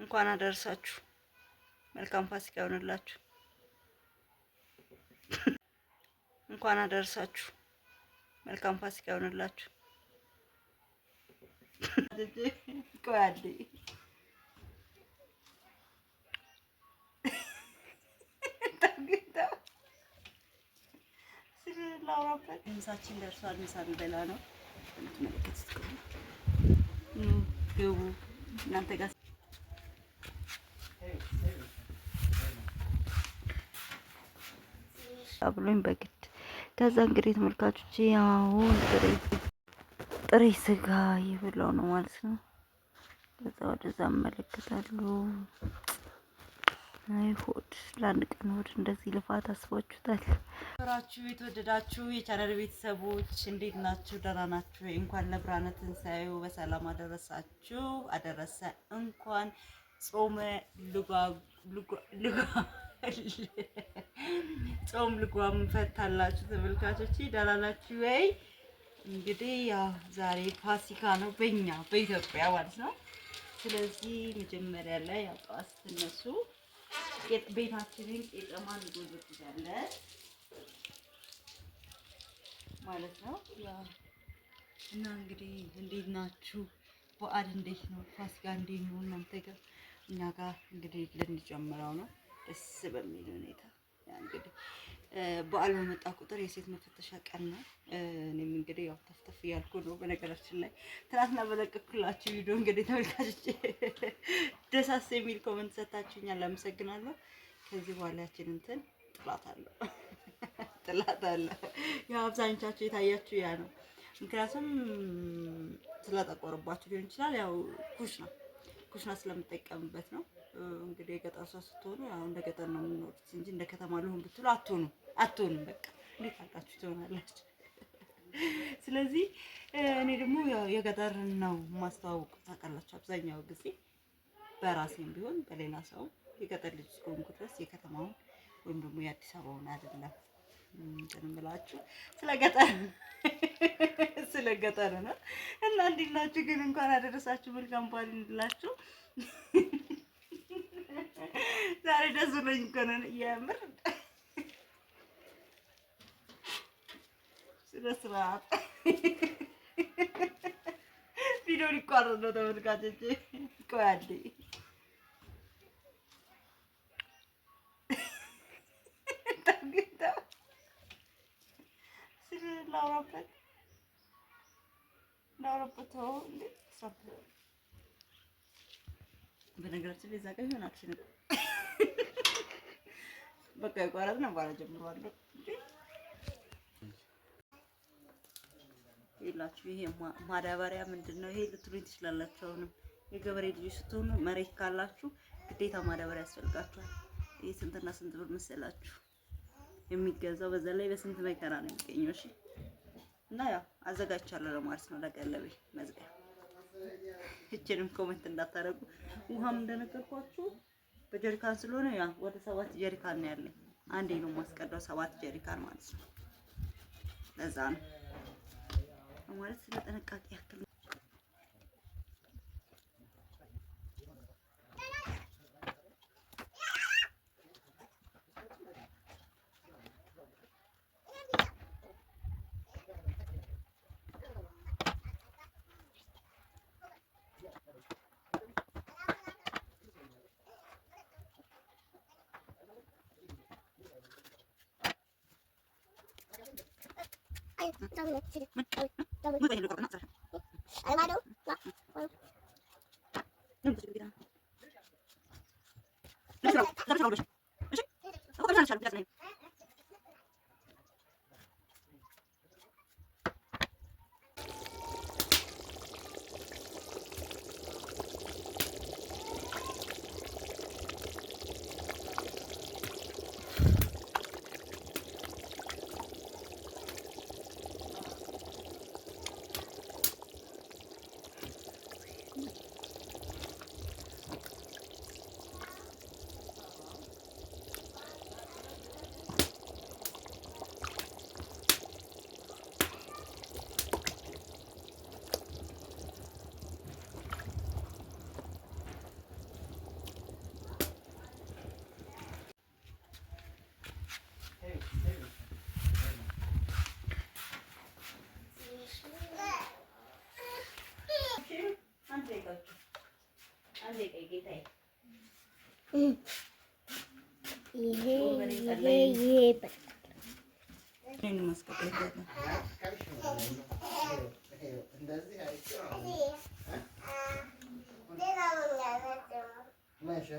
እንኳን አደረሳችሁ። መልካም ፋሲካ ይሆንላችሁ። እንኳን አደረሳችሁ። መልካም ፋሲካ ይሆንላችሁ። ምሳችን ደርሷል። ምሳ እንበላ ነው። ግቡ እናንተ ጋር ብሎኝ በግድ ከዛ እንግዲህ ተመልካቾች አሁን ጥሬ ስጋ ይብለው ነው ማለት ነው። ከዛ ወደዛ እመለከታሉ። አይ ሆድ ለአንድ ቀን ሆድ እንደዚህ ልፋት አስቧችሁታል። ብራችሁ የተወደዳችሁ የቻናል ቤተሰቦች እንዴት ናችሁ? ደህና ናችሁ? እንኳን ለብርሃነ ሳዩ በሰላም አደረሳችሁ አደረሰ። እንኳን ጾመ ልጓ ልጓ ጾም ልጓም ፈታላችሁ ተመልካቾች፣ ዳላላችሁ ወይ እንግዲህ ያው ዛሬ ፋሲካ ነው በኛ በኢትዮጵያ ማለት ነው። ስለዚህ መጀመሪያ ላይ ያው ጠዋት ስትነሱ ቤታችንን ቄጠማ እንጎዘጉዛለን ማለት ነው። እና እንግዲህ እንዴት ናችሁ? በዓል እንዴት ነው? ፋሲካ እንዴት ነው እናንተ ጋር? እኛ ጋር እንግዲህ ልንጀምረው ነው ደስ በሚል ሁኔታ እንግዲህ በዓል በመጣ ቁጥር የሴት መፈተሻ ቀን ነው። እኔም እንግዲህ ያው ተፍተፍ እያልኩ ነው። በነገራችን ላይ ትናንትና በለቀኩላችሁ ቪዲዮ እንግዲህ ተመልካቾች ደሳስ የሚል ኮመንት ሰታችሁኛል፣ አመሰግናለሁ። ከዚህ በኋላ ያችን እንትን ጥላት አለው ጥላት አለው። ያው አብዛኞቻችሁ የታያችሁ ያ ነው። ምክንያቱም ስለጠቆርባችሁ ሊሆን ይችላል። ያው ኩሽና ኩሽና ስለምጠቀምበት ነው እንግዲህ የገጠር ሰው ስትሆኑ ያው እንደ ገጠር ነው የምንኖሩት እንጂ እንደ ከተማ ልሁን ብትሉ አትሆኑ አትሆኑም። በቃ እንዴት አድርጋችሁ ትሆናላችሁ? ስለዚህ እኔ ደግሞ የገጠር ነው ማስተዋወቅ ታውቃላችሁ። አብዛኛው ጊዜ በራሴም ቢሆን በሌላ ሰው የገጠር ልጅ እስከሆንኩ ድረስ የከተማውን ወይም ደግሞ የአዲስ አበባውን አይደለም እንምላችሁ ስለ ገጠር ስለ ገጠር ነው እና እንዲላችሁ ግን እንኳን አደረሳችሁ መልካም በዓል እንድላችሁ ደስ ብሎኝ እኮ ነው የምር ስለ ስርዓት ቪዲዮ ሊቋረጥ ነው ተመልካቾች ይቆያል ስለላውራበት ላውራበት በነገራችን ላይ እዛ ጋ ይሆን አክሽን በቃ ይቋረጥ ነው ባላ ይላችሁ ይሄ ማዳበሪያ ምንድን ነው ይሄ ልትሉኝ ትችላላችሁ። አሁንም የገበሬ ልጆች ስትሆኑ መሬት ካላችሁ ግዴታ ማዳበሪያ ያስፈልጋችኋል። ይሄ ስንትና ስንት ብር መሰላችሁ የሚገዛው? በዛ ላይ በስንት መከራ ነው የሚገኘው። እሺ እና ያው አዘጋጅቻለሁ ለማለት ነው ለቀለቤ መዝጊያ። ይችንም ኮመንት እንዳታደርጉ ውሃም እንደነገርኳችሁ በጀሪካን ስለሆነ ያ ወደ ሰባት ጀሪካን ነው ያለኝ። አንዴ ነው የማስቀዳው ሰባት ጀሪካን ማለት ነው። ለዛ ነው ማለት ስለ ጥንቃቄ ያክል 아유, 저기 내 지금. 아유, 저기. 물빨어봐 그렇지? 그렇지? 그렇지? 그 አለ ቀይ ጌታዬ ይሄ ይሄ ይሄ በቃ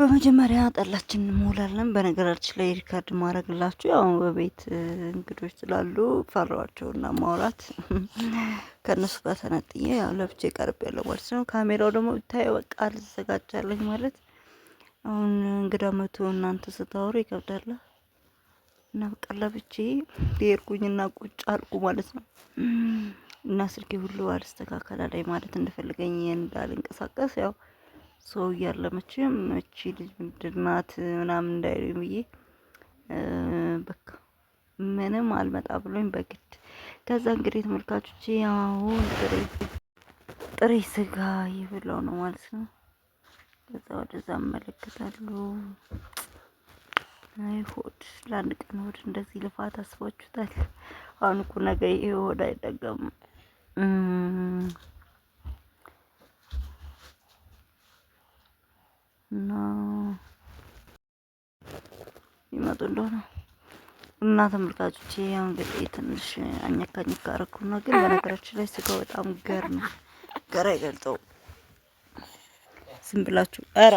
በመጀመሪያ ጠላችን እንሞላለን። በነገራችን ላይ ሪካርድ ማድረግላችሁ ያው በቤት እንግዶች ስላሉ እና ማውራት ከእነሱ ጋር ተነጥዬ ያው ለብቻ ቀርብ ያለው ማለት ነው። ካሜራው ደግሞ ብታይ በቃ አልዘጋጃለኝ ማለት አሁን እንግዳ መቶ እናንተ ስታወሩ ይከብዳል እና በቃ ለብቼ ብሄርኩኝና ቁጭ አልኩ ማለት ነው። እና ስልኬ ሁሉ ላይ ማለት እንደፈልገኝ እንዳልንቀሳቀስ ያው ሰው እያለ መቼም እቺ ልጅ ምንድን ናት ምናምን እንዳይሉ ብዬ በቃ ምንም አልመጣ ብሎኝ በግድ ከዛ እንግዲህ ተመልካቾች አሁን ጥሬ ስጋ ይብለው ነው ማለት ነው። ከዛ ወደዛ እመለከታሉ። አይ ሆድ ለአንድ ቀን ሆድ እንደዚህ ልፋት አስባችሁታል? አሁን እኮ ነገ ይሄ ሆድ አይጠገም። እና ይመጡ እንደሆነ እና ተመልካቾቼ እንግዲህ ትንሽ አኛካ አኛካ ግን በነገራችን ላይ ስጋው በጣም ገር ነው። ገር አይገልጠው። ዝም ብላችሁ ኧረ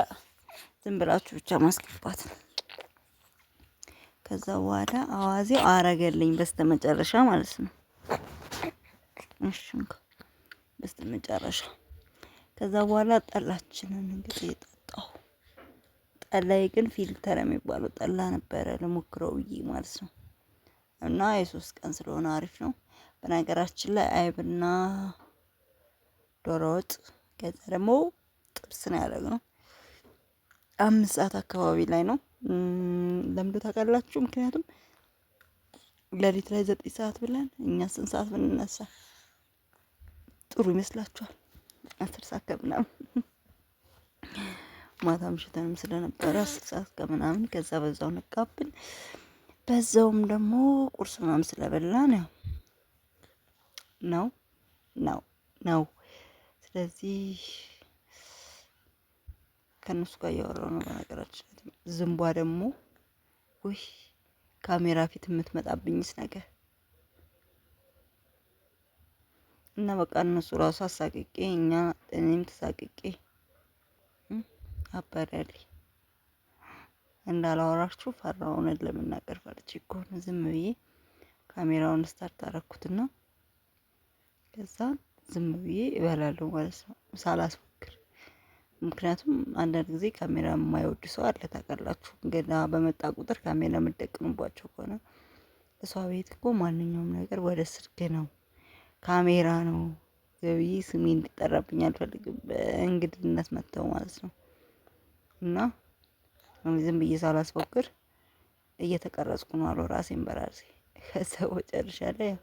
ዝም ብላችሁ ብቻ ማስገባት ነው። ከዛ በኋላ አዋዜው አረገልኝ በስተመጨረሻ ማለት ነው። እሺ በስተመጨረሻ ከዛ በኋላ ጠላችንን እንግዲህ ጠላ ግን ፊልተር የሚባለው ጠላ ነበረ ለሞክረው ብዬ ማለት ነው። እና የሶስት ቀን ስለሆነ አሪፍ ነው። በነገራችን ላይ አይብና ዶሮ ወጥ ከዛ ደግሞ ጥብስ ነው ያደረግነው። አምስት ሰዓት አካባቢ ላይ ነው ለምዶ ታውቃላችሁ። ምክንያቱም ለሊት ላይ ዘጠኝ ሰዓት ብለን እኛ ስንት ሰዓት ብንነሳ ጥሩ ይመስላችኋል? አስር ሰዓት ከምናምን ማታ ምሽተንም ስለነበረ አስር ሰዓት ከምናምን ከዛ በዛው ነቃብን። በዛውም ደግሞ ቁርስ ምናምን ስለበላን ያው ነው ነው ነው። ስለዚህ ከእነሱ ጋር እያወራሁ ነው። በነገራችን ዝንቧ ደግሞ ውይ ካሜራ ፊት የምትመጣብኝስ ነገር እና በቃ እነሱ ራሱ አሳቅቄ እኛ እኔም ተሳቅቄ አበረልኝ። እንዳላወራችሁ ፈራሁ። እውነት ለመናገር ፈርቼ እኮ ዝም ብዬ ካሜራውን ስታርት አረኩትና ከዛ ዝም ብዬ እበላለሁ ማለት ነው ሳላስሞክር። ምክንያቱም አንዳንድ ጊዜ ካሜራ የማይወድ ሰው አለ ታውቃላችሁ። ገና በመጣ ቁጥር ካሜራ የምትጠቅምባቸው ከሆነ እሷ ቤት እኮ ማንኛውም ነገር ወደ ስልክ ነው ካሜራ ነው። ገብዬ ስሜ እንዲጠራብኛ አልፈልግም። በእንግድነት መጥተው ማለት ነው። እና ዝም ብዬ ሳላስፎክር እየተቀረጽኩ ነው አሉ ራሴን በራሴ ከሰው ጨርሻለሁ።